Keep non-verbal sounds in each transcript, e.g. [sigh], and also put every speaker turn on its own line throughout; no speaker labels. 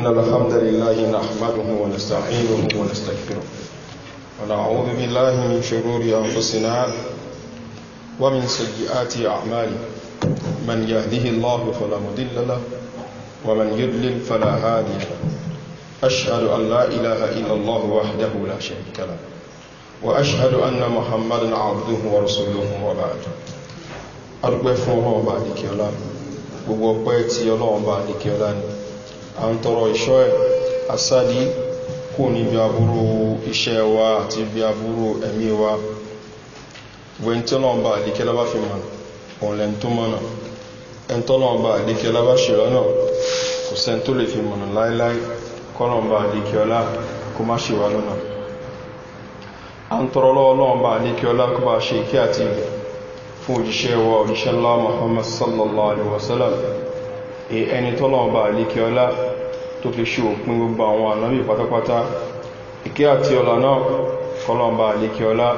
إن الحمد لله نحمده ونستعينه ونستغفره ونعوذ بالله من شرور أنفسنا ومن سيئات أعمالنا من يهده الله فلا مضل له ومن يضلل فلا هادي له أشهد أن لا إله إلا الله وحده لا شريك له وأشهد أن محمدا عبده ورسوله وبعد أرجو فوق بعدك يا الله gbogbo يا tí ọlọ́run بعدك يا ni à ń tọrọ ìṣọ́ ẹ̀ asádí kò níbi aburú iṣẹ́ wa àti ibi aburú ẹ̀mí wa wẹ́ntọ́lọ́ọ̀bá àdíkẹ́lá bá fi mọ̀ ọ̀lẹ́n tó mọ̀nà ẹntọ́lọ́ọ̀bá àdíkẹ́lá bá ṣe lọ́nà kò sẹ́n tó lè fi mọ̀nà láíláí kọ́lọ̀ọ̀bá àdíkẹ́ọlá kó má ṣe wà lọ́nà a ń tọrọ lọ́ọ̀lọ́ọ̀bá àdíkẹ́ọlá kó bá ṣe ìkẹ́ àti fún òjíṣẹ́ wa òjíṣẹ́ ńlá muhammad sallallahu alaihi wasallam èyí ẹni tọ́lọ́ọ̀bá àdíkẹ́ọlá tó fi ṣe òpin gbogbo àwọn ànábì pátápátá ìkẹ́ àti ọlá náà kọlọmbà àlékẹ́ ọlá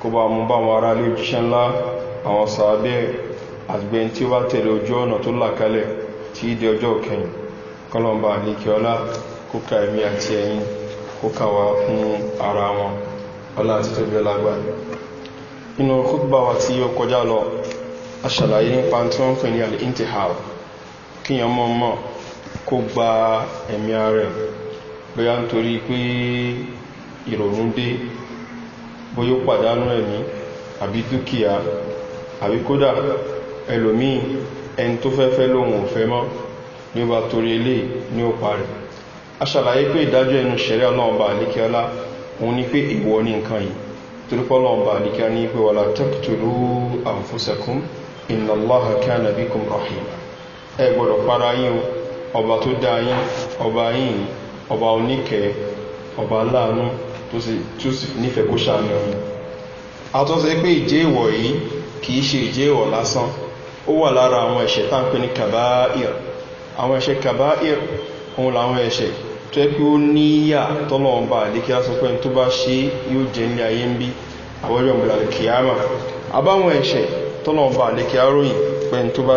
kó bá mú bá wọn ará ilé òjíṣẹ́ ńlá àwọn sàábẹ́ àgbẹ̀yìn tí ó bá tẹ̀lé ojú ọ̀nà tó làkalẹ̀ tí ìdẹ ọjọ́ òkẹyìn kọlọmbà àlékẹ́ ọlá kó ka kó gba ẹ̀mí ààrẹ bóyá nítorí pé ìrònú dé bóyó pàdánù ẹ̀mí àbí dúkìá àbí kódà ẹlòmí ẹni tó fẹ́fẹ́ lóhun ò mọ́ ní ó bá torí ilé ní ó parí a ṣàlàyé pé ìdájọ́ ẹnu ṣẹ̀rẹ́ ọlọ́ọ̀bà àlíkíọ́lá òun ni pé ìwọ ní nǹkan yìí torípọ́ ọlọ́ọ̀bà àlíkíọ́ ní pé wọ́la tẹ́kùtùrú àǹfúsẹ̀kún ìnàláhà o. ọba tó dá yín ọba yín ọba oníkẹ ọba láàánú tó sì nífẹ̀ẹ́ kó ṣàánú ọmọ a tún pé ìjẹ́ ìwọ̀ yìí kìí ṣe ìjẹ́ ìwọ̀ lásán ó wà lára àwọn ẹ̀ṣẹ̀ tá ní kàbáìr àwọn ẹ̀ṣẹ̀ kàbáìr làwọn ẹ̀ṣẹ̀ tó ẹ́ pé ó níyà tọ́lọ̀ọ̀bà tó bá ṣe yóò ní ayé ń bí ẹ̀ṣẹ̀ tọ́lọ̀ọ̀bà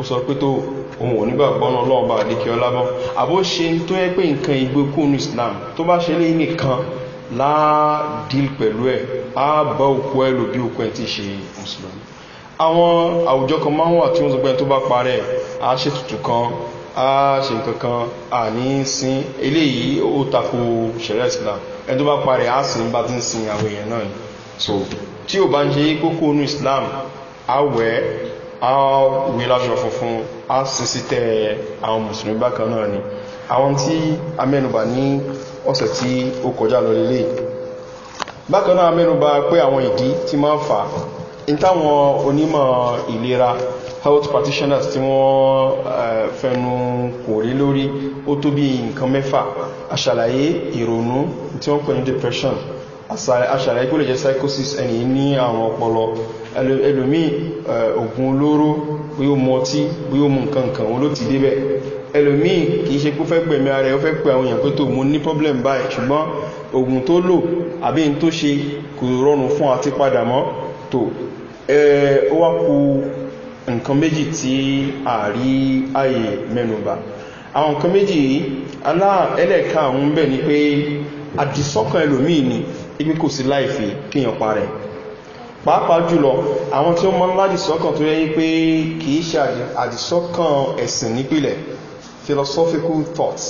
ó sọ pé tó ohun ò nígbàgbọ́ náà lọ́wọ́ bá àdékè ọlábọ́ àbó ṣe tó yẹ pé nǹkan ìgbékùn islam tó bá ṣe léyìn nìkan láàdìl pẹ̀lú ẹ̀ á bá òkú ẹ̀ lò bí òkú ẹ̀ ti ṣe mùsùlùmí àwọn àwùjọ kan máa ń wà tí wọ́n sọ pé tó bá parẹ́ á ṣètùtù kan á ṣe nǹkan kan à ní sin eléyìí ó tako ṣẹlẹ̀ islam ẹni tó bá parẹ́ á sin bá ti ń sin àwọn èèyàn náà so tí ò bá ń ṣe kókó inú islam á a wé láṣọ funfun a sì sítẹ̀ àwọn mùsùlùmí bákan náà ni àwọn tí a mẹ́nubà ní ọ̀sẹ̀ tí ó kọjá lọ lélẹ̀ bákan náà a mẹ́nubà pé àwọn ìdí tí máa ń fà ní táwọn onímọ̀ ìlera health practitioners tí wọ́n fẹnu kò rí lórí ó tó bí nǹkan mẹ́fà àṣàlàyé ìrònú tí wọ́n pè depression aṣàrẹ ikú lè jẹ́ psychosis ẹni ní àwọn ọpọlọ ẹlòmí ògùn olóró bí ó mọ tí bí ó mú nkankan wọn ló ti débẹ̀ ẹlòmí kìí ṣe pé fẹ́ gbẹ̀mí ara ẹ̀ fẹ́ pẹ àwọn èèyàn pé tó mú ní problem báyìí ṣùgbọ́n ògùn tó lò àbí n tó ṣe kò rọrùn fún àti padà mọ́ tó ó wá kú nǹkan méjì tí a rí ààyè mẹ́nubà àwọn nǹkan méjì yìí aláà àwọn ń bẹ̀ ni pé àdìsọ́kàn ẹlòmíì ni ibi kò sí láìfi kíyàn pa rẹ̀ pàápàá jùlọ àwọn tí ó mọ́ ńlá dìsọ́kàn tó yẹ pé kìí ṣe àdìsọ́kàn ẹ̀sìn nípìlẹ̀ philosophical thoughts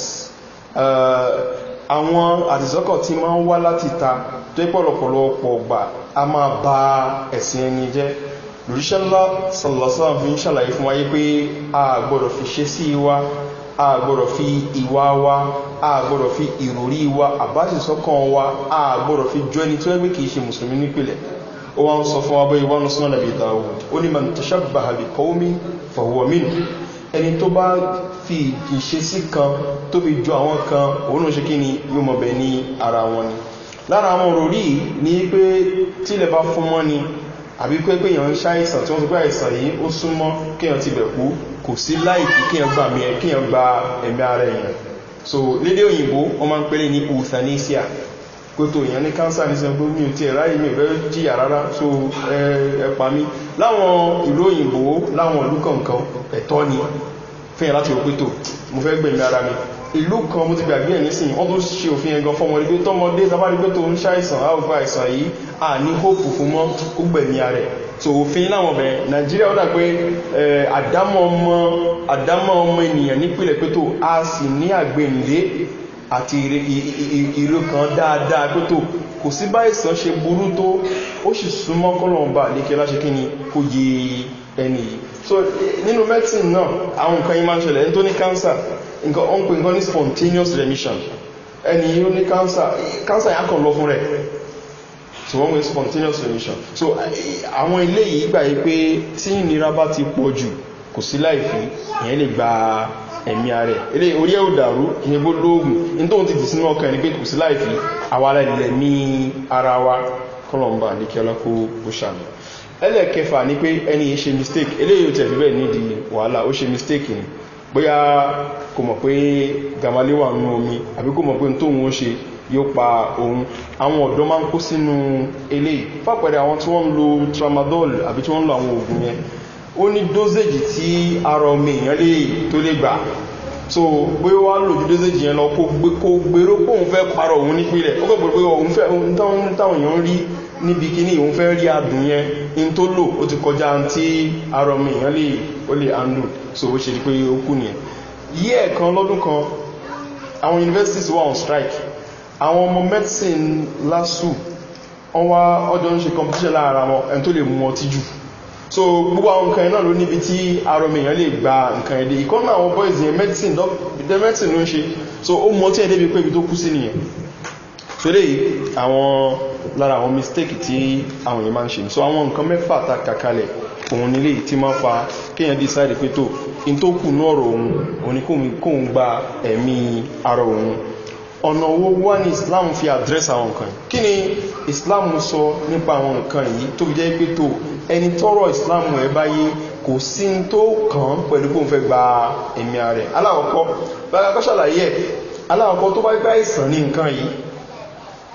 àwọn àdìsọ́kàn tí máa ń wá láti ta tó pọ̀lọpọ̀lọpọ̀ gbà a máa ba ẹ̀sìn ẹni jẹ́ lòríṣẹ́lá sàlọ́sàn fi ń ṣàlàyé fún wáyé pé a gbọ́dọ̀ fi ṣe sí wa a gbọ́dọ̀ fi ìwà wa àgbọ̀dọ̀ fi ìròrí wa àbáṣìsọ́kàn wa àgbọ̀dọ̀ fi jọ ẹni tó ẹgbẹ́ kìí ṣe mùsùlùmí nípìnlẹ̀ ó wá ń sọ fún abẹ́ ìwọ́n sọ́nà nàbí dáwò ó ní màá tẹ̀ṣà bàhàbì kọ́ọ́mí fọ̀wọ́mínú ẹni tó bá fi ìṣesí kan tó fi jọ àwọn kan òun ṣe kí ni yóò mọ̀ bẹ̀ ní ara wọn ni lára àwọn òròrí ní pé tílẹ̀ bá fún mọ́ ni àbí pé pé èèyàn ń ṣàìsàn tí wọ́n ti gbá àìsàn yìí ó súnmọ́ kéèyàn ti bẹ̀ kú kò sí láìkí kéèyàn gbà ẹ̀mí ara èèyàn so lédè òyìnbó wọ́n máa ń pẹ́lẹ̀ ní euthanasia kòtò èèyàn ní cancer ní sẹ́gbó mi ò tí ẹ̀rá ìmì ìfẹ́ jíyà rárá so ẹ̀pà mi láwọn ìlú òyìnbó láwọn ìlú kọ̀ọ̀kan ẹ̀tọ́ ni fíyàn láti òpétò mo fẹ́ gbẹ̀mí ara mi ìlú kan mo ti gbàgbé ẹ̀ nísìnyí wọ́n tó ṣe òfin ẹ̀gan fọ́mọdé pé tọ́mọdé sábàdé pé tó ń ṣàìsàn á àìsàn yìí à ní hóòpù fún mọ́ ó gbẹ̀mí ara ẹ̀ so òfin láwọn ọ̀bẹ̀ nàìjíríà ó dà pé àdámọ́ ọmọ àdámọ́ ọmọ ènìyàn nípìnlẹ̀ pé a sì ní àgbèǹdé àti ìró kan dáadáa pé tó kò sí báyìí sàn ṣe burú tó ó sì súnmọ́ kọ́lọ̀ọ̀bà lékẹ́ láṣẹ kí ni kò yé ẹni yìí so nínú medicine náà àwọn nǹkan yìí máa ń ṣẹlẹ̀ ẹni tó ní cancer nǹkan ó ń pè nǹkan ní spontaneous remission ẹni yìí ó ní cancer cancer yà kàn lọ fún rẹ̀ so wọ́n wọ́n spontaneous solution. so eh, àwọn ilé yìí gbà yí pé tí ìnira bá ti pọ̀ jù kò sí láìfí ìyẹn lè gba ẹ̀mí ààrẹ ilé orí ẹ̀ ò ìyẹn bó lóògùn ní tóun ti dì sínú ọkàn ní pé kò sí láìfí àwa ara ilẹ̀ ní ara wa kọlọmbà ní kí ọlọ́kó bó ṣàmì ẹlẹ́ẹ̀kẹfà ni pé ẹni yìí ṣe mistake eléyìí ò tẹ̀lé bẹ́ẹ̀ nídìí wàhálà ó ṣe mistake ni bóyá kò mọ̀ pé gàmálé wà nínú omi àbí kò mọ̀ pé tóun ó ṣe yóò pa òun àwọn ọ̀dọ́ máa ń kó sínú eléyìí fàpẹ̀rẹ̀ àwọn tí wọ́n ń lo tramadol àbí tí wọ́n ń lo àwọn oògùn yẹn ó ní dosage tí ara ọmọ èèyàn lè tó lè gbà so bóyá wá lò ju dosage yẹn lọ kó gbèrò pé òun fẹ́ parọ́ òun nípìnlẹ̀ ó gbèrò pé òun fẹ́ táwọn èèyàn rí níbi kíní òun fẹ́ rí adùn yẹn in tó lò ó ti kọjá tí ara ọmọ èèyàn lè ó lè handle so ó ṣe pé ó kù nìyẹn yí ẹ̀kan lọ́dún kan àwọn universities wà on strike àwọn ọmọ medicine lásù ọwá ọjọ́ ń ṣe competition láàrin wọn ẹni tó lè mú ọtí jù so gbogbo àwọn nǹkan náà ló níbi tí arọmọ èèyàn lè gba nǹkan ẹ̀dẹ́ ìkọ́nà àwọn boys yẹn medicine the medicine ló ń ṣe so ó mú ọtí ẹ̀dẹ́ bí pé ibi tó kú sí nìyẹn so lè àwọn lára àwọn mistake tí àwọn èèyàn máa ń ṣe so àwọn nǹkan mẹ́fà ta kàkalẹ̀ òun nílé tí máa fa kéèyàn decide pé tó in tó kù náà ọ̀rọ̀ òun òun ni kóun gba ẹ̀mí ara òun ọ̀nà owó wá ní islam fi àdírẹ́s àwọn nǹkan kí ni islam sọ nípa àwọn nǹkan yìí tó fi jẹ́ pé tó ẹni tọ́rọ islam ẹ báyé kò sí tó kàn pẹ̀lú kó ń fẹ́ gba ẹ̀mí ààrẹ aláwọ̀kọ́ bára kọ́ ṣàlàyé aláwọ̀kọ́ tó bá gbá ìsàn ní nǹkan yìí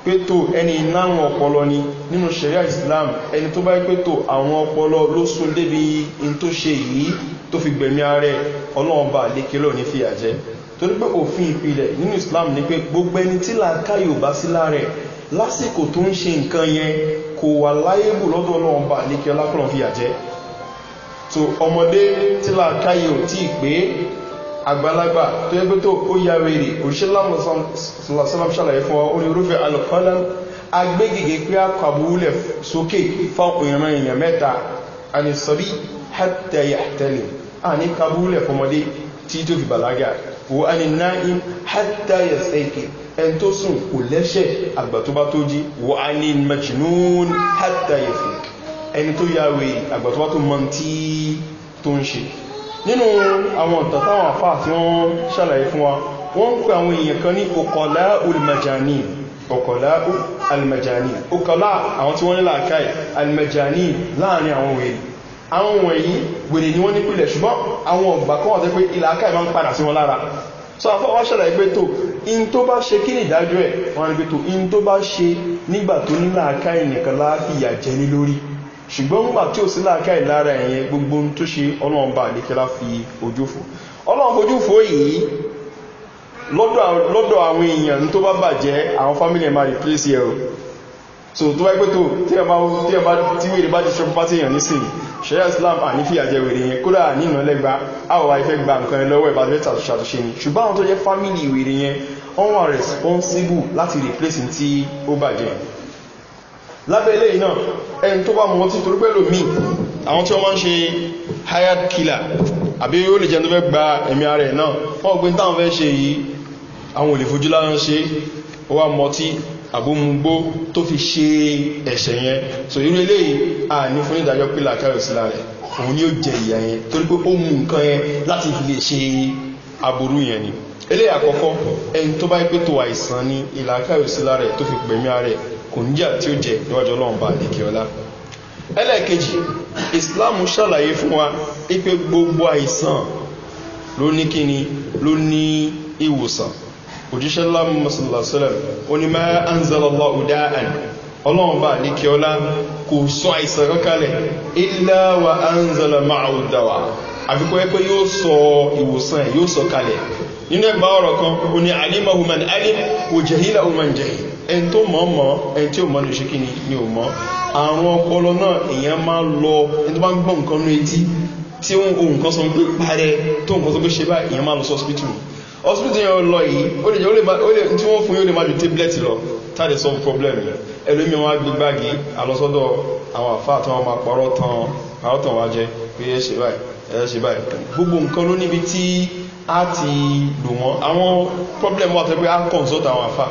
pé tó ẹni láwọn ọpọlọ ni nínú sẹ̀ríà islam ẹni tó bá gbé tó àwọn ọpọlọ ló sún débi in tó ṣe yìí tó fi gbẹ̀mí ààrẹ ọlọ́ọ̀bà lékelọ́ ní fìyà jẹ́ torí pé òfin ìpìlẹ̀ nínú islam ni pé gbogbo ẹni tí làákàyè ò bá sí láàrẹ lásìkò tó ń ṣe nǹkan yẹn kò wà láyébù lọ́dọ̀ ọlọ́run bá ní kí ọlákùnrin fi àjẹ́ so ọmọdé tí làákàyè ò tí ì pé àgbàlagbà tó yẹgbẹ́ tó ó ya rèrè òṣìṣẹ́ lámọ̀sán ṣàlàyé fún wa ó irúfẹ́ alùpàdán agbégègé pé àkàbúlẹ̀ sókè fáwọn èèyàn mẹ́ta wà ní náìm hátà yẹ sẹ́kì ẹn tó sùn kò lẹ́ṣẹ̀ àgbà tó bá tó jí wà ní mẹ́jìnún hátà yẹ sẹ́kì ẹni tó yàwé àgbà tó bá tó mọ́ tí tó ń ṣe nínú àwọn tàtàwọn àfà tí wọ́n ṣàlàyé fún wa wọ́n ń pè àwọn èèyàn kan ní ọkọ̀lá olùmọ̀jàní ọkọ̀lá alìmọ̀jàní ọkọ̀lá àwọn tí wọ́n ní làákàí alìmọ̀jàní láàrin àwọn òwe àwọn wọ̀nyí wèrè ni wọ́n ní pílẹ̀ ṣùgbọ́n àwọn ọ̀gbà kan ọ̀tẹ́ pé ìlàákà ìmá ń padà sí wọn lára so àfọwọ́ ṣẹlẹ̀ pé tó in tó bá ṣe kí nìdájọ́ ẹ̀ wọ́n rí pé tó in tó bá ṣe nígbà tó ní láàká ìnìkan láàfíyà jẹ́ ní lórí ṣùgbọ́n nígbà tí ò sí láàká ìlara ẹ̀yẹn gbogbo tó ṣe ọlọ́run bá àlékẹ́lá fi ojú fò ọlọ́run fojú fò yìí lọ́dọ̀ àwọn èèyàn tó bá bàjẹ́ àwọn fámílì ẹ̀ máa replace ẹ̀ o so tó wáyé pé tó tí ẹ bá tí wèrè bá ti ṣe pátí èèyàn ṣẹ́yà islam à ní fi àjẹwèrè yẹn kódà ní ìnàlẹ́gba àwọ̀wà ìfẹ́ gba nǹkan ẹ lọ́wọ́ ìbàdàn mẹ́ta ṣàtúnṣe ni ṣùgbọ́n àwọn tó jẹ́ fámìlì ìwèrè yẹn wọ́n wà responsible láti replace tí ó bàjẹ́ lábẹ́lẹ̀ iná ẹni tó bá mú ọtí torí pẹ́lú mi àwọn tí wọ́n máa ń ṣe hired killer àbí ó lè jẹ́ tó fẹ́ gba ẹ̀mí ara ẹ̀ náà wọ́n gbé táwọn fẹ́ ṣe yìí àwọn ò fojú láwọn ṣe ó wá mọtí àbómugbó tó fi ṣe ẹ̀ṣẹ̀ yẹn so irú eléyìí a ní fún ìdájọ́ pílà kẹrù sílá rẹ̀ òun ni ó jẹ ìyà yẹn torí pé ó mú nǹkan yẹn láti fi lè ṣe aburú yẹn ni eléyìí àkọ́kọ́ ẹni tó bá pé tó àìsàn ni ìlà kẹrù sílá tó fi pẹ̀mí ara rẹ̀ kò ní jà tí ó jẹ níwájú ọlọ́run bá àdékè ọlá ẹlẹ́ẹ̀kejì islam ṣàlàyé fún wa pé gbogbo àìsàn ló ní kíni ló ní ìwòsàn òjíṣẹ́ ńlá mọ́sánlásílẹ̀ onímọ̀ anzalọ́lọ́ ọ̀dáàn ọlọ́ọ̀bá ní kí ọlá kò sọ àìsàn kankalẹ̀ ìlàwà anzalọ́ ma'audawa àfikọ́ ẹ pé yóò sọ ìwòsàn yóò sọ kalẹ̀ nínú ẹgbà ọ̀rọ̀ kan o ní alima human alim o jẹ̀hílà human jẹ̀hí ẹn tó mọ̀ mọ̀ ẹn tí ó mọ̀ ní ṣe ni ò mọ̀ àrùn ọpọlọ náà èèyàn máa lọ ẹn tó bá ń gbọ́ nǹkan ní etí tí ohun kan sọ pé parẹ́ tó nǹkan sọ pé ṣe báyìí èèyàn máa lọ sọ́spítù hospital yẹn lọ yìí ó lè jẹ́ ó lè tí wọ́n fún yóò lè má ju tablet lọ tàbí solve problem ẹlòmí wọn gbé báàgì alọ́sọ́dọ̀ àwọn àfáà tí wọ́n máa pọ̀rọ̀ tán pàrọ̀ tán wá jẹ́ pé ẹ ṣe báyìí ẹ ṣe báyìí gbogbo nǹkan ló níbi tí a ti lò wọ́n àwọn problem wà tó pé a consult àwọn àfáà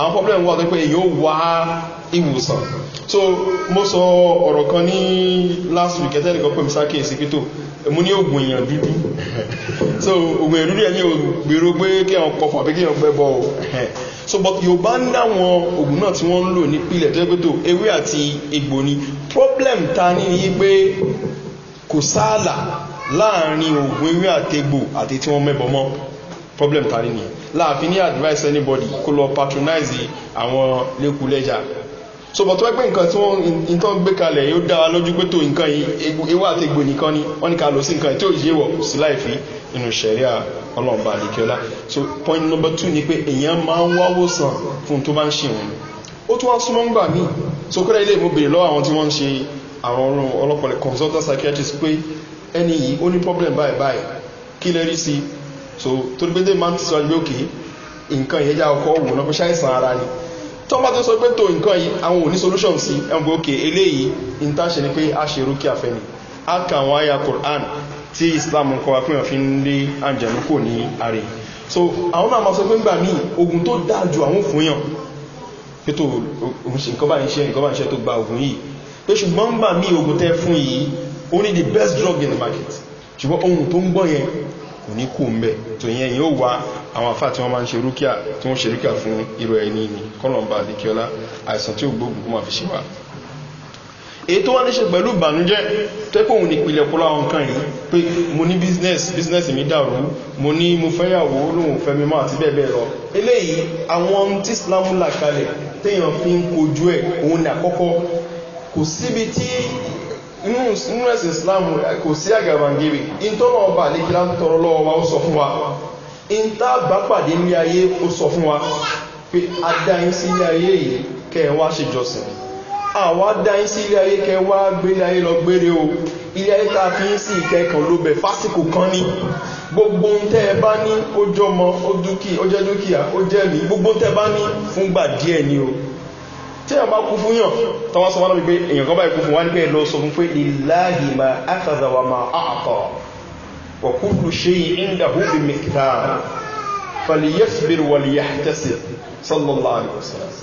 àwọn problem wà tó pé èyí wá ìwòsàn so mo sọ ọ̀rọ̀ kan ní last week ẹ̀tẹ́ nìkan pẹ̀lú sákè síkítò mo ní ògùn èèyàn dúdú [laughs] so ògùn èèyàn dúdú ẹni ògbèrò pé kí àwọn kọfà àbí kí àwọn fẹ́ bọ́ ọ so but yorùbá ń dáwọn ògùn náà tí wọ́n ń lò ní pilẹ̀ tó pẹ́tò ewé àti egbò ni problem ta ní yí pé kò sáàlà láàrin ògùn ewé àti egbò àti tí wọ́n mẹ́bọ̀ mọ́ problem ta ní ni láàfin ní advice anybody kó lọ patronize àwọn lẹ́kùlẹ́jà so bọ̀ tó wẹ́ pé nǹkan tí wọ́n nǹkan gbé kalẹ̀ yóò dá wa lójú pé tó nǹkan ewé àti egbò nìkan ni wọ́n ní ká lọ sí nǹkan tí ò yé wọ̀ sí láìfí nínú sẹ̀ríà ọlọ́ọ̀bá àdìkíọ́lá so point number two ni pé èèyàn máa ń wáwó sàn fún tó bá ń ṣe òun ó tún wá súnmọ́ ń gbà mí so kúrẹ́ ilé ìmú bèrè lọ́wọ́ àwọn tí wọ́n ń ṣe àwọn ọrùn ọlọ́pọ̀lẹ̀ consultant psychiatrist pé ẹni yìí ó ní problem báyìí báyìí kí lẹ́rí sí so tó gbé dé máa ń tẹ̀síwájú òkè nǹkan ìyẹn já ọkọ̀ òwò náà pé ṣáìsàn ara ni tó bá ti sọ pé tó nǹkan yìí àwọn ò solution sí ẹnbọ̀ òkè eléyìí in tá ṣe ni pé a ṣe rúkí àfẹ́ a kà àwọn àyà quran tí islam ń kọ́ wa pé wọ́n lé àjẹ̀nú kò ní ààrẹ so àwọn náà máa sọ pé ń gbà mí ogun tó dáa ju àwọn òfin yàn pé tó òun ṣe nǹkan bá ṣe nǹkan bá ṣe tó gba ogun yìí pé ṣùgbọ́n ń gbà mí ogun tẹ́ fún yìí ó ní the best drug in the market ṣùgbọ́n ohun tó ń gbọ́ yẹn kò ní kú ń bẹ̀ tó yẹn yóò wá àwọn afá tí wọ́n máa ń ṣe rúkíà tí wọ́n ṣe rúkíà fún irú ẹni ni kọ́lọ̀mbà àdíkíọ́lá àìsàn tí ó gbógun kó máa fi ṣe wà èyí tó wá ní ṣe pẹ̀lú ìbànújẹ́ tẹ́kùn ìpìlẹ̀ pọ́lá àwọn kan yìí pé mo ní business business mi dàrú mo ní mo fẹ́yàwó lóhun fẹ́ mi máa ti bẹ́ẹ̀ lọ eléyìí àwọn tí islam là kalẹ̀ téèyàn fi ń kojú ẹ̀ òun ní àkọ́kọ́ kò síbi tí nínú ẹ̀sìn islam kò sí àgàbàǹgẹ̀rẹ̀ ìtọ́nà ọba àdékìlá tọrọ lọ́wọ́ wa ó sọ fún wa in tá bá pàdé ní ayé ó sọ fún wa pé a dáyín sí ilé ayé yìí kẹwà ṣe jọsìn àwa dáyín sí ilé ayé kẹwà gbélé ayé lọ gbére o ilé ayé tá a fi ń sí ìkẹkọ̀ọ́ ló bẹ̀ fásitì kan ní gbogbo ń tẹ́ ẹ bá ní ó jọmọ ó jẹ́ dúkìá ó jẹ́ mi gbogbo ń tẹ́ bá ní fúngbà díẹ̀ ni o tí a bá kú fún yàn tọwọ́ sọ wọ́n lọ́bí pé èyàn kan báyìí kú fún wá ní pé lọ sọ fún pé lè láàyè máa ákàzàwà وكل شيء عنده بمقدار فليصبر وليحتسب صلى الله عليه وسلم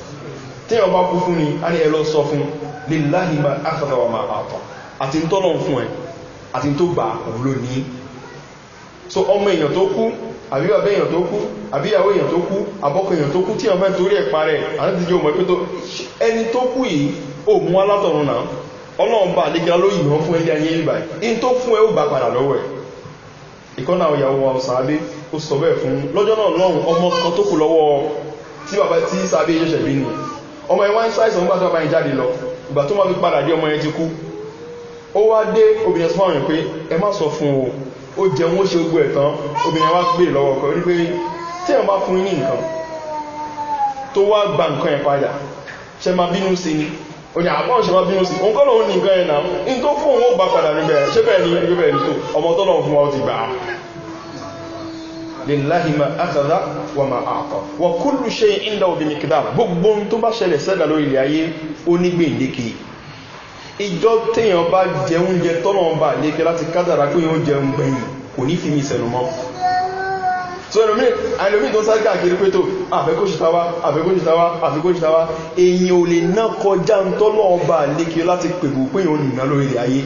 tí ọba kú fún ni a ní ẹlọ sọ fún líláhì ma áfàdà wà máa àtọ̀ àti tó lọ fún ẹ àti tó gbà òwúlò ní so ọmọ èèyàn tó kú àbí bàbá èèyàn tó kú àbí ìyàwó èèyàn tó kú àbọ́kọ èèyàn tó kú tí ọmọ torí ẹ̀pa rẹ̀ àtijọ́ ọmọ ìpẹ́tọ́ ẹni ẹ ìkọ́nà àwọn ìyàwó wa ọ̀sàábé ó sọ bẹ́ẹ̀ fún lọ́jọ́ náà lọ́rùn ọmọ kan tó kù lọ́wọ́ tí bàbá tí sàábé ṣẹ̀ṣẹ̀ bí nù ọmọ ẹ̀ wá ń ṣàìsàn tó bá yẹn jáde lọ ìgbà tó máa fi padà dé ọmọ yẹn ti kú ó wá dé obìnrin sọ fáwọn pé ẹ má sọ fún o ó jẹun ó ṣe gbogbo ẹ̀ obìnrin wá gbé lọ́wọ́ ọkọ̀ rí pé tí ẹ̀ bá fún yín nǹkan tó wá gba nǹkan yẹn padà ṣe máa bínú sí ni òní àbọ̀ ṣe máa bí wọ́n sí òun kọ́lọ̀ òun ní nǹkan ẹ̀nà ń tó fún òun ó bá padà níbẹ̀ ṣé bẹ́ẹ̀ ni ibi bẹ́ẹ̀ ni tó ọmọ tọ́lọ̀ fún wa ó ti gbà á lèláhì ma ákàdá wà ma àtọ̀ wà kúrù ṣe ìndà òbí ní kìdára gbogbo tó bá ṣẹlẹ̀ sẹ́dà lórí ilẹ̀ ayé ó nígbè lékè ìjọ téèyàn bá jẹ oúnjẹ tọ́lọ̀ ń bà lékè láti kádàrà pé ó jẹun gbẹ̀yìn kò ní fi mi sẹ́nu mọ́ so ẹlòmí ẹlòmí tó sáré káàkiri pé tó àfẹ́kóṣìtawá àfẹ́kóṣìtawá àfẹ́kóṣìtawá èyàn ò lè ná kọjá ń tọ́lọ́ ọba lékè láti pègbò péyàn ò nìyàn lórí ayé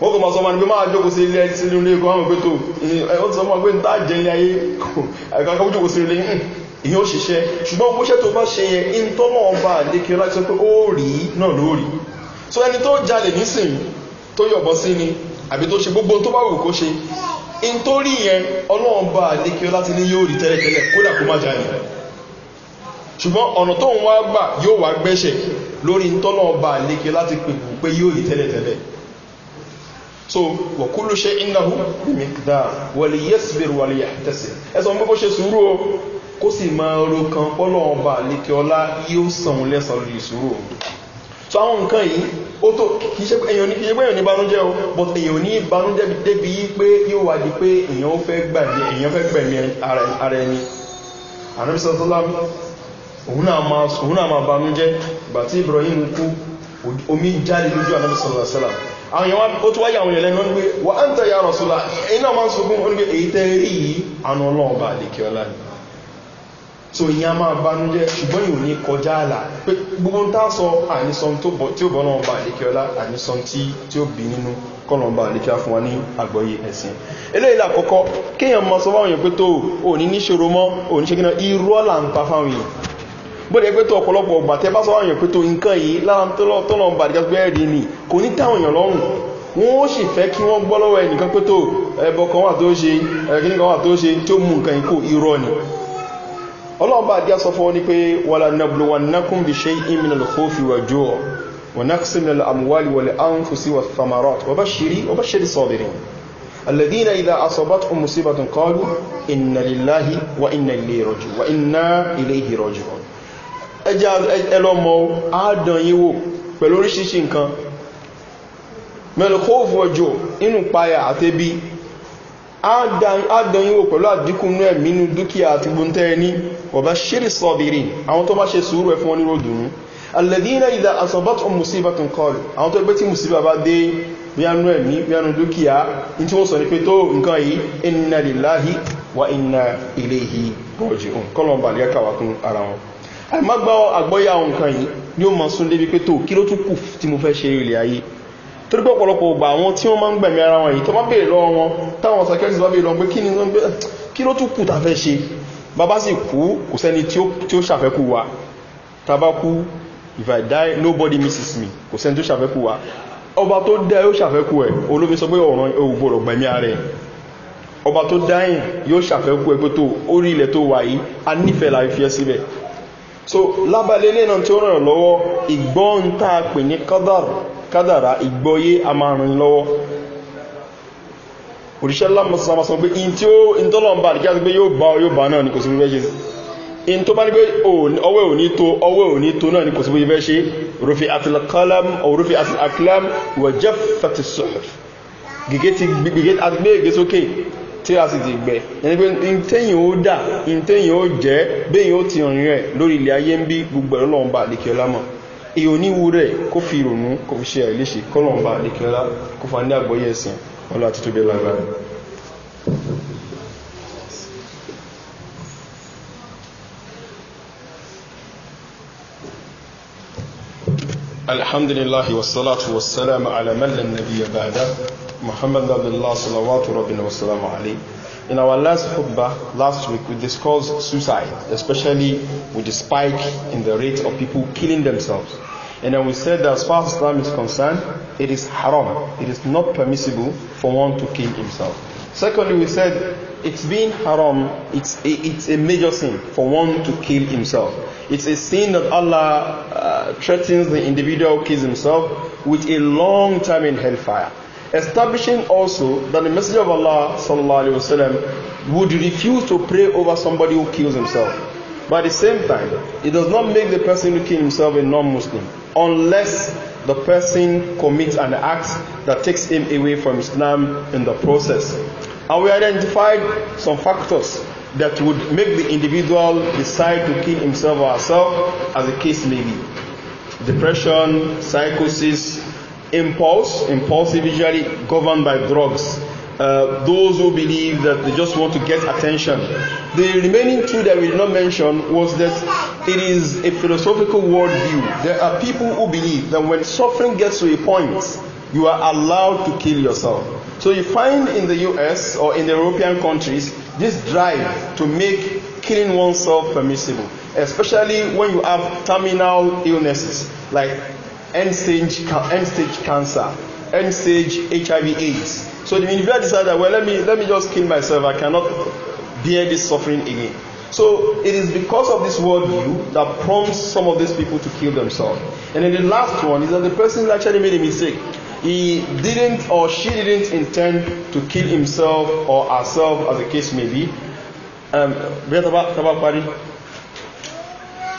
wọ́n kò máa sọ ma ní pé máa jókòó sí ilé sínú ilé kan àwọn ìpètò ó ti sọ fún wa pé ń tá jẹ ilé ayé àkàkọ́ jókòó sí ilé hmm, ìyẹn ó ṣiṣẹ́ ṣùgbọ́n gbóṣẹ́ tó bá ṣe yẹn ń tọ́lọ́ ọba lékè láti sọ pé ni àbí tó ṣe gbogbo tó in tó rí yẹn ọlọ́run bá láti ní yóò rí tẹ́lẹ̀tẹ́lẹ̀ kódà kó má jáyìn ṣùgbọ́n ọ̀nà tó ń wá gbà yóò wá gbẹ́ṣẹ̀ lórí tọ́lọ́run bá àdékẹ́ láti pèpù pé yóò rí tẹ́lẹ̀tẹ́lẹ̀ so wọ̀kúlù ṣe ináhù mímíkdá wọlé yẹ́sìbìrì wọlé ẹsọ mú bó ṣe sùúrù o kó sì máa ro kan bá ọlá yóò sàn lẹ́sàn sùúrù so àwọn nǹkan yìí ó tó kìí ṣe pé èyàn ní banújẹ́ o but èyàn ní banújẹ́ débi pé yóò wà di pé èyàn fẹ́ gbàgbé èyàn fẹ́ gbẹ̀mí ara ẹni ànábìsọ tó lábí òun náà máa banújẹ́ ìgbà tí ibrahim kú omi jáde lójú ànábìsọ lọ́sẹ̀lá àwọn èèyàn ó tó wáyé àwọn èèyàn lẹ́nu wípé wà á ń tẹ̀yà rọ̀sùlá èyí náà máa ń sọ fún wọn pé èyí tẹ́ rí yìí àánú ọlọ́ọ̀bà àdékẹ́ ọlá so ìyá máa banújẹ́ ṣùgbọ́n yìí ò ní kọjá àlà pé gbogbo ń tá sọ àníṣan tí ó bọ́nà ọba àdékẹ́ọlá àníṣan tí ó bí nínú kọ́nà ọba àdékẹ́ọlá fún wa ní àgbọ́yé ẹ̀sìn eléyìí làkọ́kọ́ kéèyàn mọ sọ fáwọn èèyàn pé tó ò ní níṣòro mọ́ ò ní ṣe kíná irú ọ̀là ń pa fáwọn èèyàn bó dẹ̀ pé tó ọ̀pọ̀lọpọ̀ ọgbà tẹ́ bá sọ ni kò ní táwọn èèyàn lọ́rùn wọ́n ó sì fẹ́ kí wọ́n gbọ́ lọ́wọ́ ẹnìkan pé tó ẹbọ kan wà tó ṣe ẹ̀kíní kan wà tó ṣe tí ó mú nǹkan ikú irọ́ ni ọlọ́ọ̀bá àdíyà sọ fún wọn ní pé wàlá nàbùlù wà nákùn bí ṣe ìmìnà lọ́fọ́fì wà jù ọ́ wà nákùsí nà àmúwálì wà láàrín fòsí wà famarot wà bá ṣe rí sọ́bìnrin alladina idha asabat um musibatan qalu inna lillahi wa inna ilayhi raji'un wa inna ilayhi raji'un eja elomo adan yin wo pẹ̀lú oríṣiríṣi nǹkan mẹ́lùkóòfù ọjọ́ inú payà àtẹ́bí adan yin wo pẹ̀lú àdínkù nú ẹ̀mínú dúkìá àti gbóntẹ́ ẹni wọ̀bá ṣírí sọ́bìrì àwọn tó bá ṣe sùúrù ẹ̀fún wọn ní ròdùnú alẹ́dínà ìdá asọ̀bọ́t ọmọ musíbà tún kọlù àwọn tó gbé tí musíbà bá dé yánú ẹ̀mí yánú dúkìá in tí wọ́n sọ ní pé tó nǹkan yìí iná lèláhí wa iná ilé yìí rọ̀jì òun kọlọ̀n bàlẹ́ kàwà kún ara wọn àìmágbá àgbọ́yà àwọn nǹkan yìí ni ó máa sún ọ̀pọ̀lọpọ̀ ọgbà àwọn tí wọ́n máa ń gbẹ̀mí ara wọn yìí tó bá bèèrè lọ́wọ́ wọn táwọn psychiatrist bá bèèrè lọ pé kí ló tún kù tá ṣe bàbá sì kú kò sẹ́ni tí ó ṣàfẹ́kù wa tàbá if i die nobody misses me kò sẹ́ni tó ṣàfẹ́kù wa ọba tó dá yóò ṣàfẹ́kù ẹ̀ olóbi sọ pé ọ̀ràn ògbòrò gbẹ̀mí ààrẹ ọba tó dáyìn yóò ṣàfẹ́kù ẹ̀ pé tó orí ilẹ̀ tó wà yìí a nífẹ̀ẹ́ la fi ẹ́ síbẹ̀ so lábàlẹ́ lẹ́nà tí ó ràn lọ́wọ́ ìgbọ́n tá a pè ní kádàrá ìgbọ́yé a máa ràn lọ́wọ́ òṣìṣẹ́ lámọ́sọ́mọ́ sọ pé in tí ó ìtọ́lọ̀mbà ní kí a ti pé yóò bá yóò bá náà ní kò sí fífẹ́ ṣe in tó bá ní pé ọwọ́ ò ní tó ọwọ́ ò ní tó náà ní kò sí fífẹ́ ṣe rufi atilakalam or rufi atilakilam wà jẹ́ fẹ́tì gègé ti gbé gègé sókè tí a sì ti gbẹ ẹni pé in tẹ́yìn ó dà in tẹ́yìn ó jẹ́ bẹ́yìn ó ti rìn rẹ̀ lórí ilẹ̀ ayé ń bí gbogbo ẹ̀rọ lọ́nba Ọlọ́ àti tóbi lágbára. الحمد لله والصلاة والسلام على من لم نبي بعده Muhammad Abdullah Salawatu Rabbina Wassalamu Ali. In our last khutbah last week, we discussed suicide, especially with the spike in the rate of people killing themselves. And then we said that as far as Islam is concerned, it is haram. It is not permissible for one to kill himself. Secondly, we said it's being haram, it's a, it's a major sin for one to kill himself. It's a sin that Allah uh, threatens the individual who kills himself with a long time in hellfire. Establishing also that the Messenger of Allah وسلم, would refuse to pray over somebody who kills himself. But at the same time, it does not make the person who kills himself a non Muslim. unless the person commits an act that takes him away from Islam in the process. And we identified some factors that would make the individual decide to kill himself or herself, as the case may be. Depression, psychosis, impulse, impulse usually governed by drugs, Uh, those who believe that they just want to get attention. The remaining two that we did not mention was that it is a philosophical worldview. There are people who believe that when suffering gets to a point, you are allowed to kill yourself. So you find in the US or in the European countries this drive to make killing oneself permissible, especially when you have terminal illnesses like end stage, end stage cancer, end stage HIV AIDS So the individual decided, well, let me, let me just kill myself. I cannot bear this suffering again. So it is because of this worldview that prompts some of these people to kill themselves. And then the last one is that the person actually made a mistake. He didn't or she didn't intend to kill himself or herself, as the case may be. Um,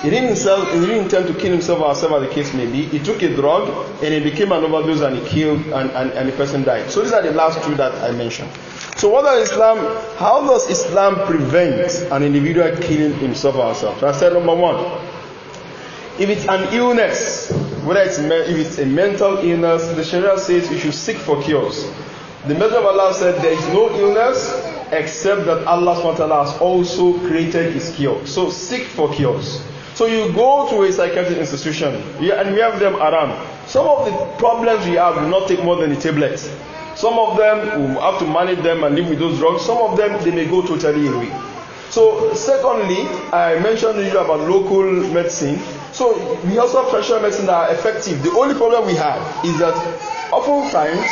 He didn't, he didn't intend to kill himself or whatever the case may be. He took a drug and he became an overdose and he killed and, and, and the person died. So these are the last two that I mentioned. So what does Islam, how does Islam prevent an individual killing himself or herself? So I said number one, if it's an illness, whether it's if it's a mental illness, the Sharia says you should seek for cures. The Messenger of Allah said there is no illness except that Allah SWT has also created his cure. So seek for cures. So you go to a psychiatric institution, and we have them around. Some of the problems we have will not take more than the tablets. Some of them will have to manage them and live with those drugs. Some of them they may go totally away. So, secondly, I mentioned to you about local medicine. So, we also have traditional medicine that are effective. The only problem we have is that oftentimes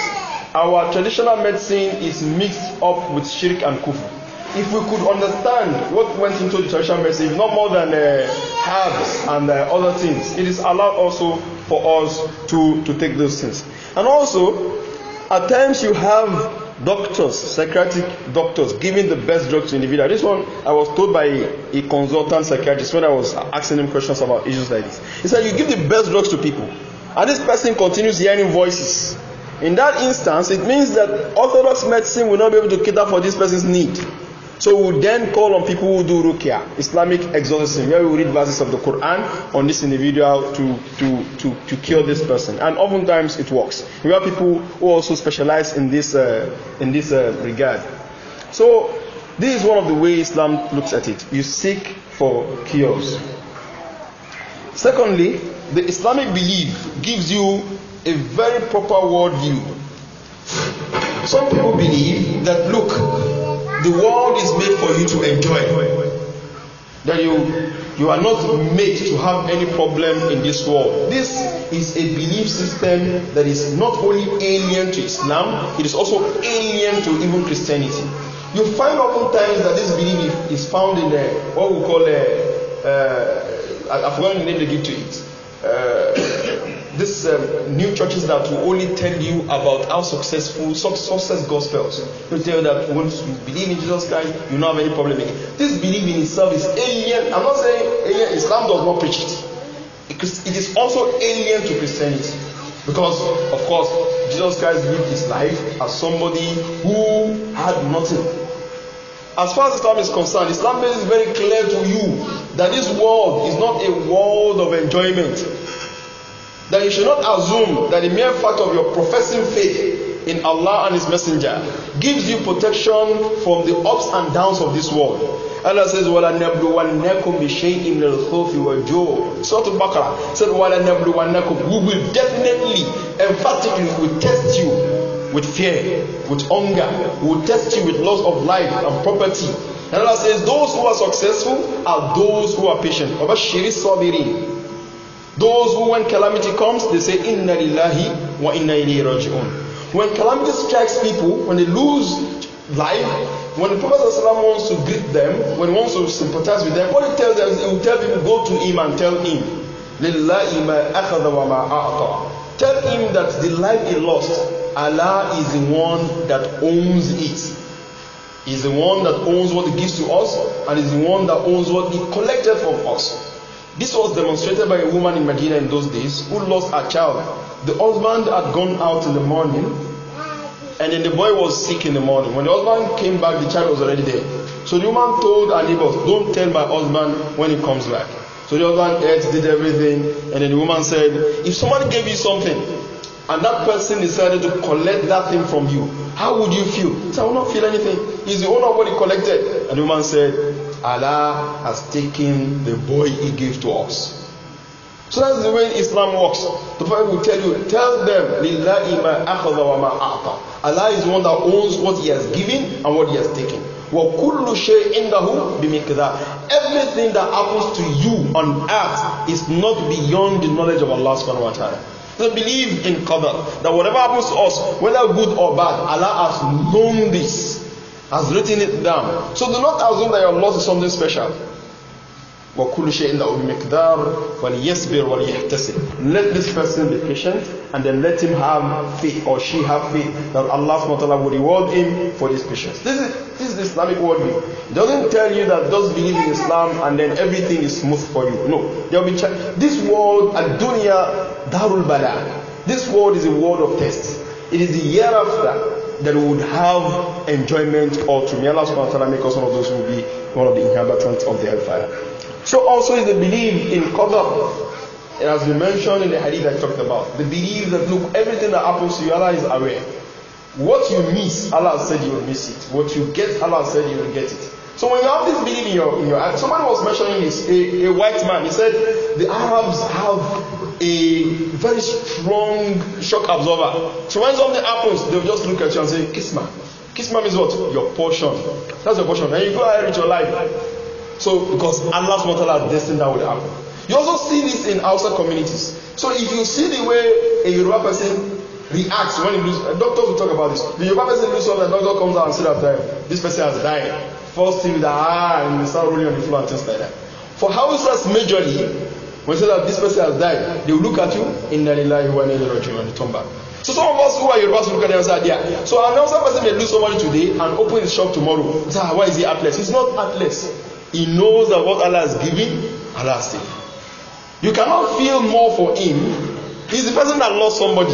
our traditional medicine is mixed up with shirk and kufr if we could understand what went into the traditional medicine, not more than uh, herbs and uh, other things, it is allowed also for us to, to take those things. And also, at times you have doctors, psychiatric doctors, giving the best drug to individual. This one, I was told by a consultant psychiatrist when I was asking him questions about issues like this. He said, You give the best drugs to people, and this person continues hearing voices. In that instance, it means that orthodox medicine will not be able to cater for this person's need. So we then call on people who do rukia, Islamic exorcism, where we read verses of the Quran on this individual to, to, to, to cure this person. And oftentimes it works. We have people who also specialize in this, uh, in this uh, regard. So this is one of the ways Islam looks at it. You seek for cures. Secondly, the Islamic belief gives you a very proper worldview. Some people believe that, look, The world is made for you to enjoy. That you you are not made to have any problem in this world. This is a belief system that is not only alien to Islam, it is also alien to even Christianity. You find often times that this belief is found in a, what we call a, uh, uh I've forgotten the name they give to it. Uh, This um, new churches that will only tell you about how successful success gospels will tell you that once you believe in jesus christ you don't have any problem again this belief in itself is alien i'm not saying alien islam does not preach it it is also alien to christianity because of course jesus christ lived his life as somebody who had nothing as far as islam is concerned islam makes it very clear to you that this world is not a world of enjoyment that you should not assume that the mere fact of your professing faith in Allah and His Messenger gives you protection from the ups and downs of this world. Allah says, Wa وَلَنَبْلُوَنَّكُمْ بِشَيْءٍ مِنَ wa وَالْجُوعِ Surah Al-Baqarah said, Wa وَلَنَبْلُوَنَّكُمْ We will definitely, emphatically, we will test you with fear, with hunger. We will test you with loss of life and property. Allah says, those who are successful are those who are patient. وَبَشِّرِ الصَّابِرِينَ Those who, when calamity comes, they say, Inna lillahi wa inna ilayhi raji'un. When calamity strikes people, when they lose life, when the Prophet wants to greet them, when he wants to sympathize with them, what he tells them, he will tell people, go to him and tell him, Lillahi ma akhada wa ma a'ta. Tell him that the life he lost, Allah is the one that owns it. is the one that owns what he gives to us and is the one that owns what he collected from us. This was demonstrated by a woman in Medina in those days who lost her child. The husband had gone out in the morning and then the boy was sick in the morning. When the husband came back, the child was already there. So the woman told her neighbors, Don't tell my husband when he comes back. So the husband ate, did everything, and then the woman said, If somebody gave you something, and that person decided to collect that thing from you, how would you feel? He said, I will not feel anything. He's the owner of what he collected. And the woman said, Allah has taken the boy he gave to us. So that's the way Islam works. The Prophet will tell you, tell them, لِلَّهِ مَا أَخَذَ وَمَا أَعْطَى Allah is the one that owns what he has given and what he has taken. وَكُلُّ شَيْءٍ إِنَّهُ بِمِقْدَارٍ Everything that happens to you on earth is not beyond the knowledge of Allah subhanahu wa ta'ala. So believe in Qadr, that whatever happens to us, whether good or bad, Allah has known this has written it down. So do not assume that your loss is something special. وَكُلُّ شَيْءٍ لَهُ بِمِقْدَارٍ وَلْيَصْبِرْ وَلْيَحْتَسِبْ Let this person be patient and then let him have faith or she have faith that Allah SWT will reward him for his patience. This is, this is the Islamic worldview. It doesn't tell you that just believe in Islam and then everything is smooth for you. No. There will be this world, ad-dunya, darul bala. This world is a world of tests. It is the year after that would have enjoyment or to me Allah subhanahu wa ta'ala make us one of those who will be one of the inhabitants of the hellfire. So also is the belief in qadr. It has been mentioned in the hadith I talked about. The belief that look, everything that happens to you, Allah is aware. What you miss, Allah said you will miss it. What you get, Allah said you will get it. So when you have this belief in your in your somebody was mentioning this, a, a white man, he said the Arabs have a very strong shock absorber. So when something happens, they'll just look at you and say, Kisma. Kisma means what? Your portion. That's your portion. And you go ahead with your life. So, because Allah's mortal has destined that would happen. You also see this in outside communities. So, if you see the way a Yoruba person reacts when he loses, uh, doctors will talk about this. The Yoruba person lose something, the doctor comes out and says that um, this person has died. First thing that, ah, and they start rolling on the floor and things like that. For houses, majorly, When you say that this person has died, they will look at you, in Inna lillahi wa inna ilaihi and turn back. So some of us who are Yorubas look at them and say, yeah. So an announcer person may lose so much today and open his shop tomorrow. Say, ah, why is he heartless? He's not heartless. He knows that what Allah has given, Allah has taken. You cannot feel more for him. He's the person that lost somebody.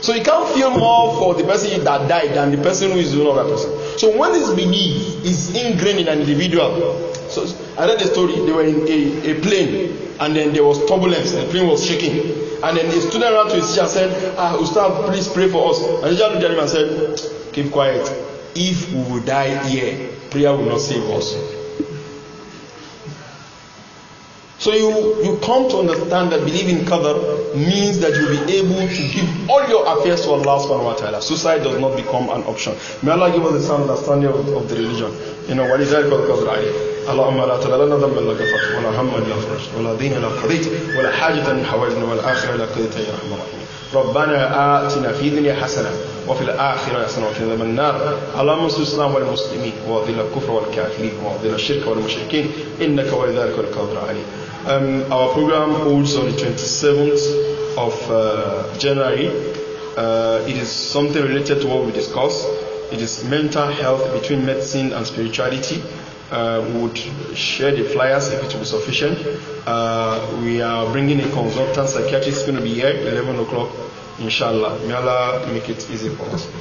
So you can't feel more for the person that died than the person who is the other person. So when this belief is ingrained in an individual, so I read the story, they were in a, a plane and then there was turbulence the plane was shaking and then a student ran to his teacher and said ah ustaz please pray for us and the teacher looked at him and said keep quiet if we will die here prayer will not save us so you you come to understand that believing qadar means that you will be able to give all your affairs to allah subhanahu wa ta'ala suicide does not become an option may allah give us a sound understanding of, of the religion you know what is that called qadar اللهم لا تدع لنا ذنبا لك غفرته ولا هما الا فرج ولا دينا الا قضيت ولا حاجه من حوائجنا ولا اخره الا قضيتها يا رحمة الله ربنا آتنا في الدنيا حسنة وفي الآخرة حسنة وفي ذنب النار اللهم انصر الإسلام والمسلمين وأذل الكفر والكافرين وأذل الشرك والمشركين إنك ولي ذلك والقادر عليه Um, our program holds on the 27th of uh, January. Uh, it is something related to what we discussed. It is mental health between medicine and spirituality. Uh, we would share the flyers if it will be sufficient. Uh, we are bringing a consultant psychiatrist going to be here at 11 o'clock, inshallah. May Allah make it easy for us.